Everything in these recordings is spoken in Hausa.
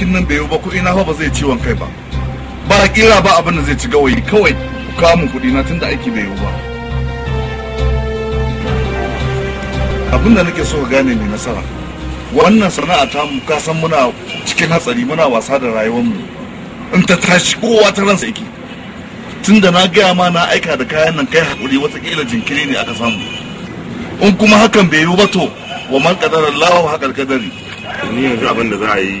kin nan bai yi ba ku ina ba zai ciwon kai ba ba kira ba abin da zai ci gawayi kawai ku kawo min kuɗi na tunda aiki bai yi ba abin da nake so ka gane mai nasara wannan sana'a ta mu ka san muna cikin hatsari muna wasa da rayuwar mu in ta tashi kowa ta ransa yake tunda na gaya ma na aika da kayan nan kai hakuri watakila jinkiri ne aka samu in kuma hakan bai yi ba to wa man qadara Allahu haqqal qadari ni yanzu abin da za a yi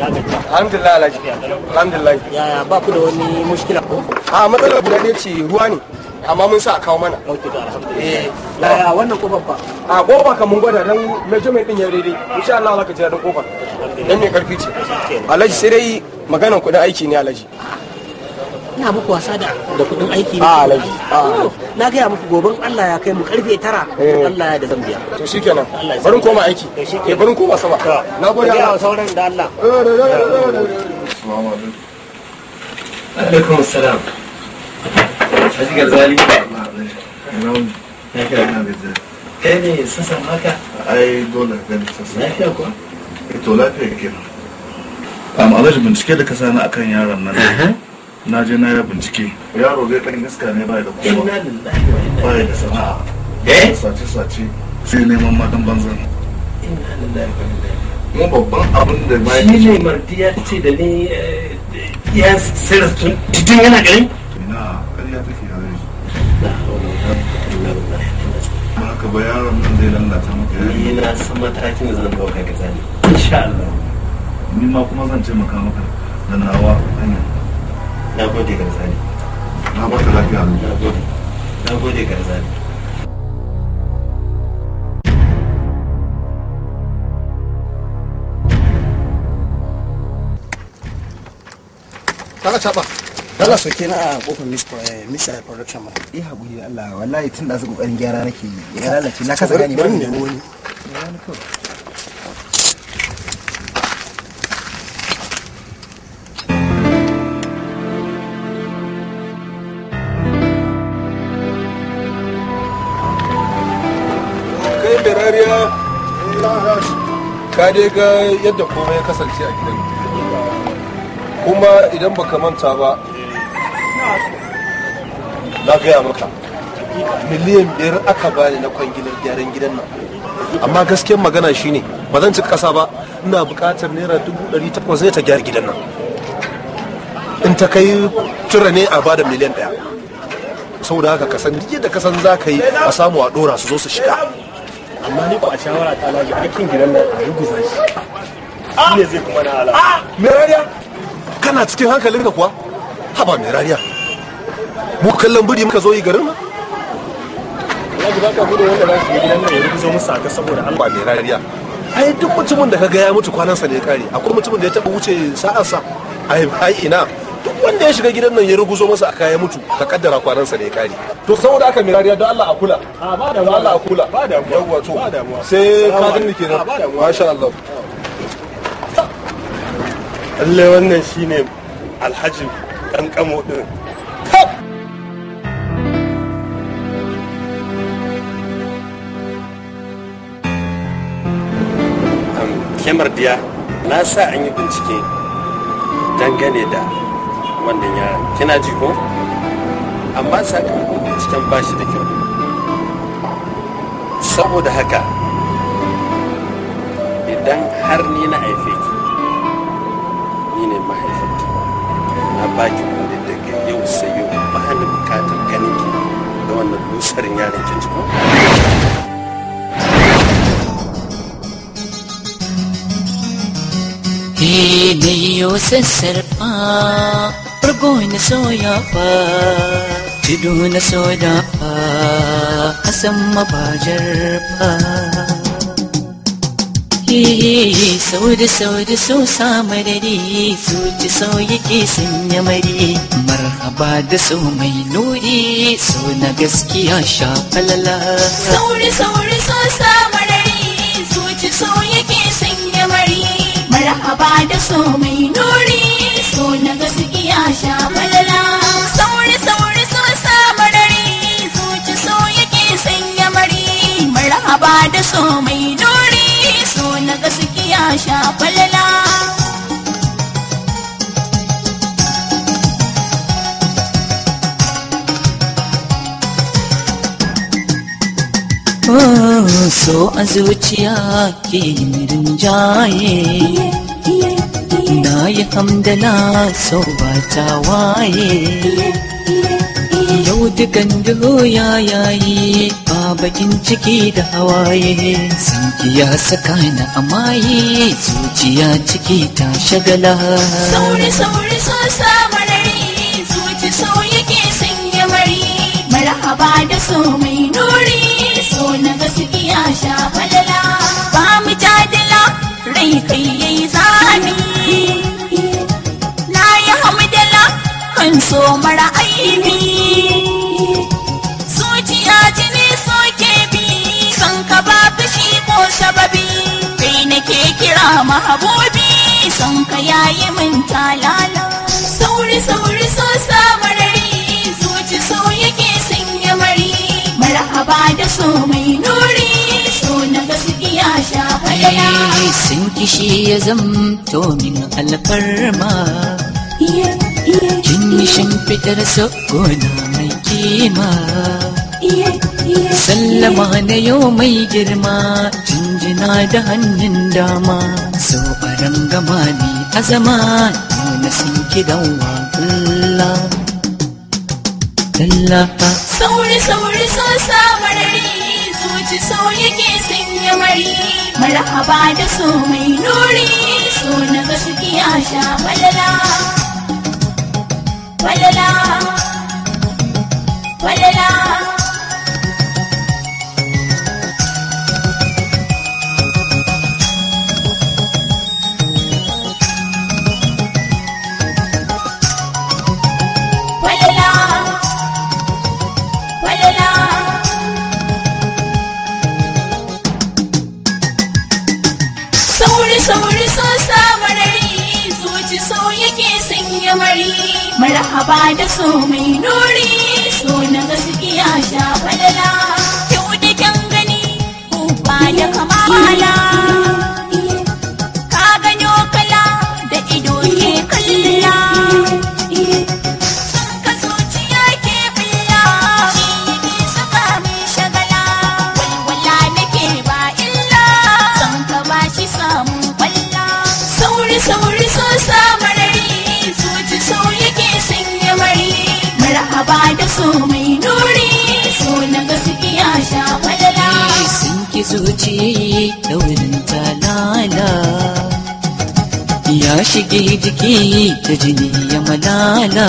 alhamdulillah alhaji alhamdulillah yaya ba ku da wani mushkila ko a matsalar guda ɗaya ce ruwa ne amma mun sa a kawo mana eh yaya wannan kofar fa a kofa kan mun gwada dan measurement din ya daidai insha Allah za ka jira dan kofar dan ne karfi ce alhaji sai dai maganar kuɗin aiki ne alhaji ina muku wasa da kudin aiki ne a ah, alaji ah. oh, na gaya muku goben Allah ya kai mu karfe tara eh. Allah ya da zan biya to barin koma aiki eh, eh barin koma sama na gode Allah sauran da Allah eh, assalamu alaikum alaikum assalam ajigar zali ya kai kai ne sassan haka ai dole ga sassan lafiya ko to lafiya kenan amma alaji bincike da ka sani akan yaron nan na je na ya bincike yaro zai ɗan iska ne bai da kowa bai da sana'a eh sace sace sai neman matan banzan mu babban abin da bai shi ne martiya ce da ne eh, ya sayar tun titin yana gari na ƙarya take a rai ba haka ba yaron nan zai lalata maka yari na san matakin da zan dauka ka tsani insha Allah ni ma kuma zan taimaka maka da nawa hanyar na gode garzali na baka lafiya na gode na gode so ke na Miss eh, Miss Production ma. Eh hakuri Allah wallahi tun da su kokarin gyara nake. Ya lalace na kasa gani ba ne wani. ka dai ga yadda komai ya kasance a gidan kuma idan baka manta ba na gaya maka miliyan biyar aka bani na kwangilar gyaran gidan nan amma gaskiyar magana shine ba zan ci kasa ba ina buƙatar naira dubu ɗari takwas ne ta gyara gidan nan in ta kai tura ne a bada miliyan ɗaya saboda haka kasan yadda kasan za ka yi a samu a ɗora su zo su shiga amma ni ba shawara ta laji aikin gidan nan a ruguza shi shi ne zai kuma na ala ah! merariya kana cikin hankalin ka kuwa haba rariya. mu kallon buri muka zo yi garin ma Alhaji baka gudu wanda za su yi gidan nan ya ruguza musu aka saboda Allah rariya. ai duk mutumin da ka ga ya mutu kwanansa ne ya kare akwai mutumin da ya taba wuce sa'arsa ai ina duk wanda ya shiga gidan nan ya ruguzo masa a kaya mutu ka kaddara kwanansa da ya kare to saboda aka mi rariya don Allah a kula ba da Allah a kula ba da yawa to sai ka dinni kenan masha Allah Allah wannan shine alhaji dan kamo din kemar diya na sa an yi bincike dangane da wannan ya kina ji ko amma sakamakon binciken ba da kyau saboda haka idan har ni na haife ki ni ne mahaifinki na baki wanda daga yau sai yau ba ni bukatar ganin ki da wannan busarin yaron kin ko Hey, Dios es Rugo na soya fa, tudu na soda fa, kasan mabajar fa. sau da sau da so sa madari zuci sau yake sanya mari marhaba da so mai nuri so na gaskiya sha falala sauri sauri so sa madari zuci sau yake sanya mari marhaba da so mai nuri so na gaskiya sha falala sauri sauri so sa marari zuci so yake sanya mari marhaba da so mai nuri so na gaskiya sha falala so a zuciya ke mirin jaye na yi hamdala so ba ta waye yau dukan ya yayi ba bakin ciki da hawaye sanki ya saka na amaye zuciya ciki ta shagala sauri sauri so samarari zuci sau yake sanya mari marhaba da so mai nuri sha ba mu jadila rai kai yi zani na yi hamdala kan so mara aini zuciya jini ke bi son ka ba fushi ko sababi kai nake kira mahabubi son ka yayi min talala sauri sauri so samar sun kishi ya zamto min alfarma kin yi shimfitar sokona mai kima sallama na yau mai girma jinjina da hannun dama so aran gama ne a zama nuna sun kidan wa Allah Allah sauri sauri so samarari zuci sau yake sai marmari marhaba da so mai nuri so na ga gaskiya sha walala walala walala marhaba da so mai nuri so na gaskiya sha falala kyau da kyan gani ko ba da kamala so mai nuni so na gaskiya sha falala sun ki zuci daurin talala ya shige jiki da jini ya malala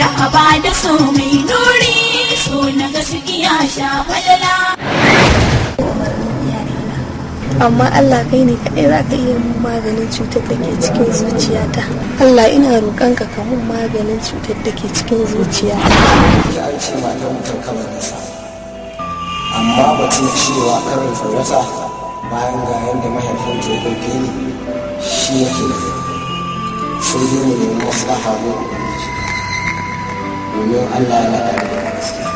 raba da so mai nuri so na gaskiya sha falala amma Allah kai ne kaɗai za ka iya mun maganin cutar da ke cikin zuciyata Allah ina roƙon ka mun maganin cutar da ke cikin zuciyata ya ce ma da mutum kamar nasa amma batun cewa karin farwata bayan ga yadda mahaifin ya ɗauke ni shi yake da sai dai mu nemi maslaha domin Allah ya ba da gaskiya